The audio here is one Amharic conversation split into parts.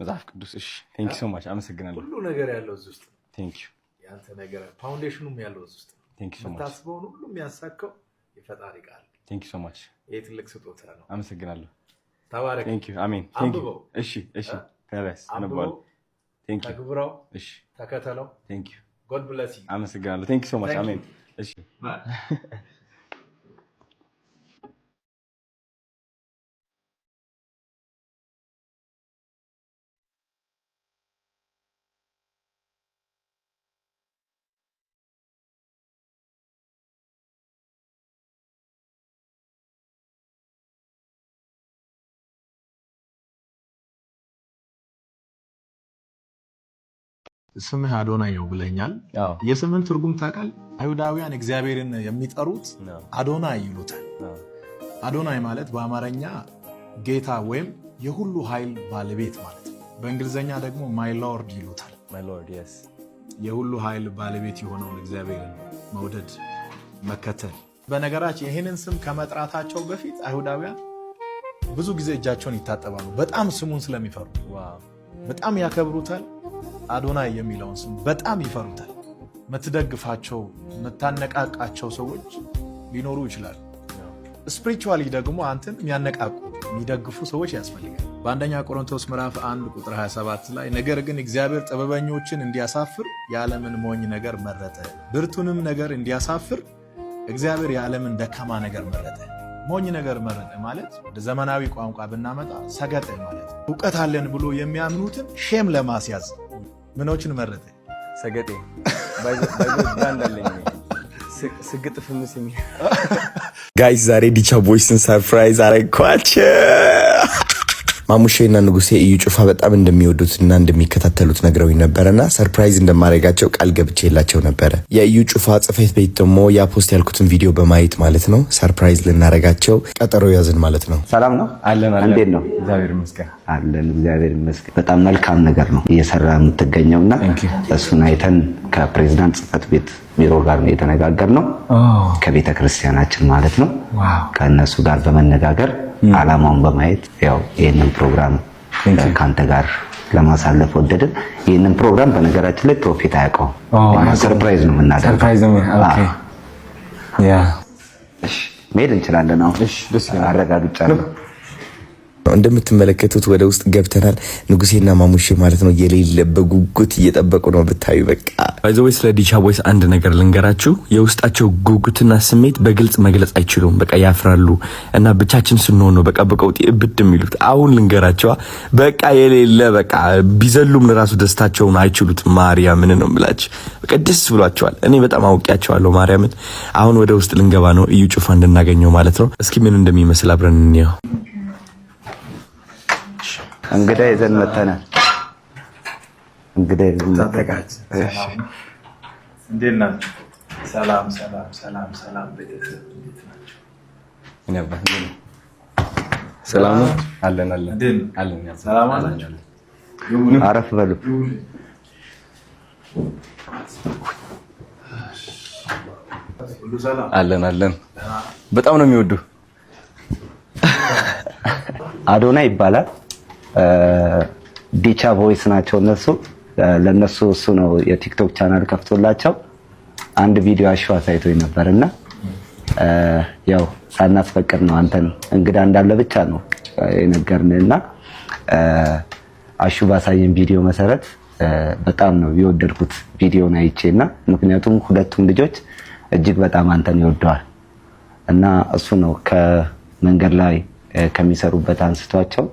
መጽሐፍ ቅዱስ። እሺ ቴንክ ሶ ማች አመሰግናለሁ። ሁሉ ነገር ያለው እዚህ ውስጥ ቴንክ ዩ። ያንተ ነገር ፋውንዴሽኑም ያለው እዚህ ውስጥ ቴንክ ዩ ሶ ማች። የምታስበውን ሁሉ የሚያሳካው የፈጣሪ ቃል ቴንክ ዩ ሶ ማች። ይሄ ትልቅ ስጦታ ነው። አመሰግናለሁ። ተባረክ። ቴንክ ዩ አሜን። ቴንክ ዩ። እሺ እሺ ተረስ አነበዋል። ቴንክ ዩ ተግብረው። እሺ ተከተለው። ቴንክ ዩ ጎድ አመሰግናለሁ። ቴንክ ዩ ሶ ማች አሜን። እሺ ስምህ አዶናይ ነው ብለኛል። የስምን ትርጉም ታውቃል? አይሁዳውያን እግዚአብሔርን የሚጠሩት አዶናይ ይሉታል። አዶናይ ማለት በአማርኛ ጌታ ወይም የሁሉ ኃይል ባለቤት ማለት ነው። በእንግሊዝኛ ደግሞ ማይ ሎርድ ይሉታል። የሁሉ ኃይል ባለቤት የሆነውን እግዚአብሔርን መውደድ መከተል። በነገራችን ይህንን ስም ከመጥራታቸው በፊት አይሁዳውያን ብዙ ጊዜ እጃቸውን ይታጠባሉ። በጣም ስሙን ስለሚፈሩ በጣም ያከብሩታል። አዶናይ የሚለውን ስም በጣም ይፈሩታል። የምትደግፋቸው የምታነቃቃቸው ሰዎች ሊኖሩ ይችላል። ስፕሪቹዋሊ ደግሞ አንተን የሚያነቃቁ የሚደግፉ ሰዎች ያስፈልጋል። በአንደኛ ቆሮንቶስ ምዕራፍ 1 ቁጥር 27 ላይ ነገር ግን እግዚአብሔር ጥበበኞችን እንዲያሳፍር የዓለምን ሞኝ ነገር መረጠ፣ ብርቱንም ነገር እንዲያሳፍር እግዚአብሔር የዓለምን ደካማ ነገር መረጠ። ሞኝ ነገር መረጠ ማለት ወደ ዘመናዊ ቋንቋ ብናመጣ ሰገጠ ማለት እውቀት አለን ብሎ የሚያምኑትን ሼም ለማስያዝ ምኖችን መረጠ? ሰገጤ ስግጥ ፍምስ የሚል ጋይስ ዛሬ ዲቻ ቦይስን ሰርፕራይዝ አረግኳቸው። ማሙሼና ንጉሴ እዩ ጩፋ በጣም እንደሚወዱትና እንደሚከታተሉት ነግረውኝ ነበረና ሰርፕራይዝ እንደማደርጋቸው ቃል የላቸው ነበረ። የእዩ ጩፋ ጽፈት ቤት ደግሞ ያ ፖስት ያልኩትን ቪዲዮ በማየት ማለት ነው ሰርፕራይዝ ልናደርጋቸው ቀጠሮ ያዝን ማለት ነው። ሰላም ነው አለን። እንዴት ነው? እግዚአብሔር ይመስገን አለን። እግዚአብሔር ይመስገን። በጣም መልካም ነገር ነው እየሰራ የምትገኘውና እሱን አይተን ከፕሬዚዳንት ጽፈት ቤት ቢሮ ጋር ነው ነው ከቤተ ክርስቲያናችን ማለት ነው። ከእነሱ ጋር በመነጋገር አላማውን በማየት ያው ይህንን ፕሮግራም ከአንተ ጋር ለማሳለፍ ወደድን። ይህንን ፕሮግራም በነገራችን ላይ ፕሮፌት አያውቀውም። ሰርፕራይዝ ነው የምናደርገው። መሄድ እንችላለን። አሁን አረጋግጫለሁ። ነው። እንደምትመለከቱት ወደ ውስጥ ገብተናል። ንጉሴና ማሙሼ ማለት ነው የሌለ በጉጉት እየጠበቁ ነው ብታዩ። በቃ ይዘወይ ስለ ዲቻ ቦይስ አንድ ነገር ልንገራችሁ። የውስጣቸው ጉጉትና ስሜት በግልጽ መግለጽ አይችሉም። በቃ ያፍራሉ እና ብቻችን ስንሆን ነው በቃ በቀውጢ እብድ የሚሉት። አሁን ልንገራቸዋ በቃ የሌለ በቃ ቢዘሉም ለራሱ ደስታቸውን አይችሉት። ማርያምን ነው ምላች በቃ ደስ ብሏቸዋል። እኔ በጣም አውቂያቸዋለሁ ማርያምን። አሁን ወደ ውስጥ ልንገባ ነው እዩ ጩፋ እንድናገኘው ማለት ነው። እስኪ ምን እንደሚመስል አብረን እንየው። እንግዳ ይዘን መተናል። እንግዳ ይዘን መተናል። እንዴት ናችሁ? ሰላም ሰላም ሰላም ሰላም። ቤተሰብ እንዴት ናቸው? ሰላም አለን አለን አለን። ሰላም አላችሁ? አረፍ በሉ። አለን አለን። በጣም ነው የሚወዱ። አዶና ይባላል ዲቻ ቮይስ ናቸው እነሱ። ለእነሱ እሱ ነው የቲክቶክ ቻናል ከፍቶላቸው አንድ ቪዲዮ አሹ አሳይቶኝ ነበር እና ያው ሳናስፈቅድ ነው አንተን እንግዳ እንዳለ ብቻ ነው የነገርን እና አሹ ባሳየን ቪዲዮ መሰረት በጣም ነው የወደድኩት ቪዲዮን አይቼ እና ምክንያቱም ሁለቱም ልጆች እጅግ በጣም አንተን ይወደዋል እና እሱ ነው ከመንገድ ላይ ከሚሰሩበት አንስቷቸው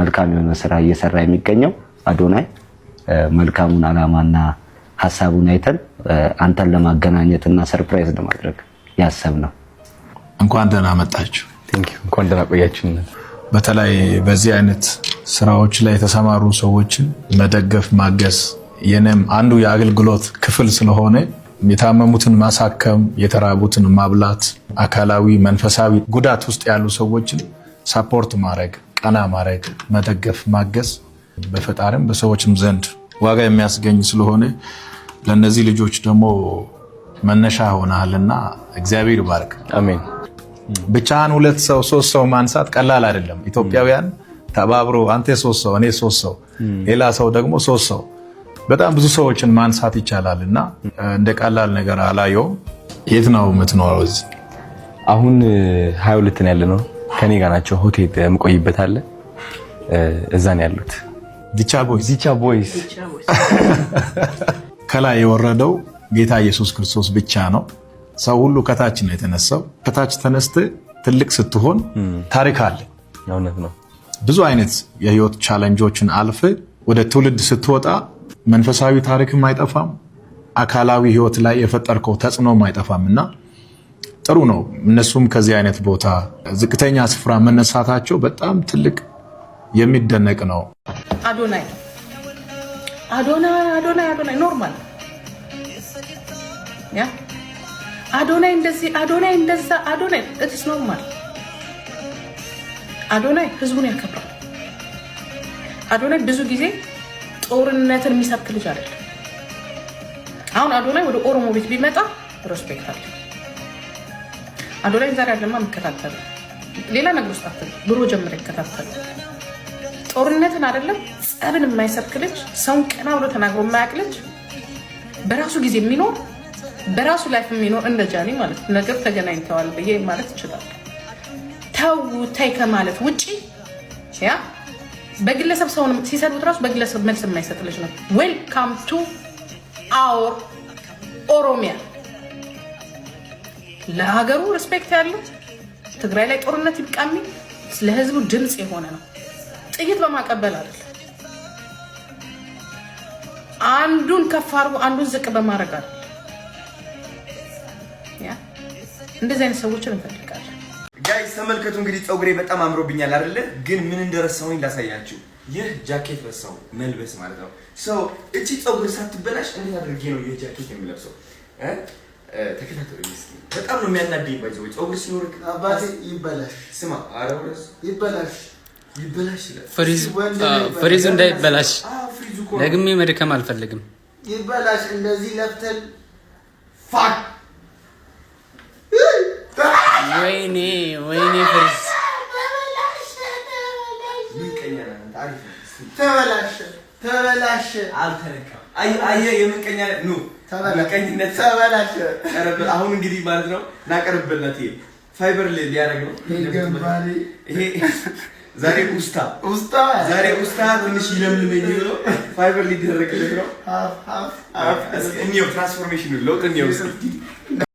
መልካም የሆነ ስራ እየሰራ የሚገኘው አዶናይ መልካሙን አላማና ሀሳቡን አይተን አንተን ለማገናኘት እና ሰርፕራይዝ ለማድረግ ያሰብ ነው። እንኳን ደህና መጣችሁ፣ እንኳን ደህና ቆያችን። በተለይ በዚህ አይነት ስራዎች ላይ የተሰማሩ ሰዎችን መደገፍ ማገዝ የኔም አንዱ የአገልግሎት ክፍል ስለሆነ የታመሙትን ማሳከም፣ የተራቡትን ማብላት፣ አካላዊ መንፈሳዊ ጉዳት ውስጥ ያሉ ሰዎችን ሳፖርት ማድረግ ቀና ማድረግ፣ መደገፍ፣ ማገዝ በፈጣሪም በሰዎችም ዘንድ ዋጋ የሚያስገኝ ስለሆነ ለእነዚህ ልጆች ደግሞ መነሻ ሆናልና እግዚአብሔር ይባርክ። አሜን። ብቻህን ሁለት ሰው ሶስት ሰው ማንሳት ቀላል አይደለም። ኢትዮጵያውያን ተባብሮ አንተ ሶስት ሰው እኔ ሶስት ሰው ሌላ ሰው ደግሞ ሶስት ሰው በጣም ብዙ ሰዎችን ማንሳት ይቻላል እና እንደ ቀላል ነገር አላየውም። የት ነው የምትኖረው? እዚህ አሁን ሀያ ሁለት ነው ያለ ነው ከኔ ጋር ናቸው። ሆቴል የምቆይበት አለ እዛን ያሉት። ዲቻ ቦይስ ዲቻ ቦይስ ከላይ የወረደው ጌታ ኢየሱስ ክርስቶስ ብቻ ነው። ሰው ሁሉ ከታች ነው የተነሳው። ከታች ተነስተ ትልቅ ስትሆን ታሪክ አለ። እውነት ነው። ብዙ አይነት የህይወት ቻለንጆችን አልፍ ወደ ትውልድ ስትወጣ መንፈሳዊ ታሪክም አይጠፋም። አካላዊ ህይወት ላይ የፈጠርከው ተጽዕኖም አይጠፋም እና ጥሩ ነው። እነሱም ከዚህ አይነት ቦታ ዝቅተኛ ስፍራ መነሳታቸው በጣም ትልቅ የሚደነቅ ነው። አዶናይ አዶናይ አዶናይ ኖርማል ያ አዶናይ እንደዚህ አዶናይ እንደዛ አዶናይ እትስ ኖርማል አዶናይ ህዝቡን ያከብራል። አዶናይ ብዙ ጊዜ ጦርነትን የሚሰብክ ልጅ አይደለም። አሁን አዶናይ ወደ ኦሮሞ ቤት ቢመጣ ሮስፔክት አለ አንዱ ላይ ዛሬ አለማ የምከታተል ሌላ ነገር ውስጥ አትል ብሮ ጀምረ ይከታተል ጦርነትን አይደለም ጸብን የማይሰብክ ልጅ፣ ሰውን ቀና ብሎ ተናግሮ የማያውቅ ልጅ፣ በራሱ ጊዜ የሚኖር በራሱ ላይፍ የሚኖር እንደ ጃኒ ማለት ነገር ተገናኝተዋል ብዬ ማለት ይችላል። ተው ተይ ከማለት ውጪ ያ በግለሰብ ሰውን ሲሰዱት ራሱ በግለሰብ መልስ የማይሰጥ ልጅ ነው። ዌልካም ቱ አውር ኦሮሚያ ለሀገሩ ሪስፔክት ያለው ትግራይ ላይ ጦርነት ይብቃሚ ለህዝቡ ድምፅ የሆነ ነው። ጥይት በማቀበል አይደለም። አንዱን ከፍ አድርጎ አንዱን ዝቅ በማድረግ አለ። እንደዚህ አይነት ሰዎችን እንፈልጋለን። ጋይ ተመልከቱ እንግዲህ ፀጉሬ በጣም አምሮብኛል አይደለ? ግን ምን እንደረሳሁኝ ላሳያችሁ። ይህ ጃኬት ረሳው መልበስ ማለት ነው። ሰው እቺ ፀጉር ሳትበላሽ እንዴት አድርጌ ነው ይህ ጃኬት የሚለብሰው? ተከታተሉ። በጣም ነው የሚያናደኝ። ባይዘው ሲኖር አባቴ ይበላሽ። ስማ አረውረስ ይበላሽ ይበላሽ ይላል። ፍሪዝ ፍሪዝ እንዳይበላሽ ደግሜ መድከም አልፈልግም። ይበላሽ እንደዚህ ለፍተን ፋክ ወይኔ ወይኔ ፍሪዝ ተበላሸ ተበላሸ አልተነካም። አየህ የምንቀኛ ነው ተበላቀኝነት ተበላሽ። አሁን እንግዲህ ማለት ነው ናቀርብለት ይሄ ፋይበር ላይ ሊያደርግ ነው። ይሄ ዛሬ ውስታ ውስታ ዛሬ ውስታ ትንሽ ይለምልመኝ ነው። ፋይበር ሊደረግለት ነው። አፍ አፍ አፍ ትራንስፎርሜሽን ለውጥ ነው።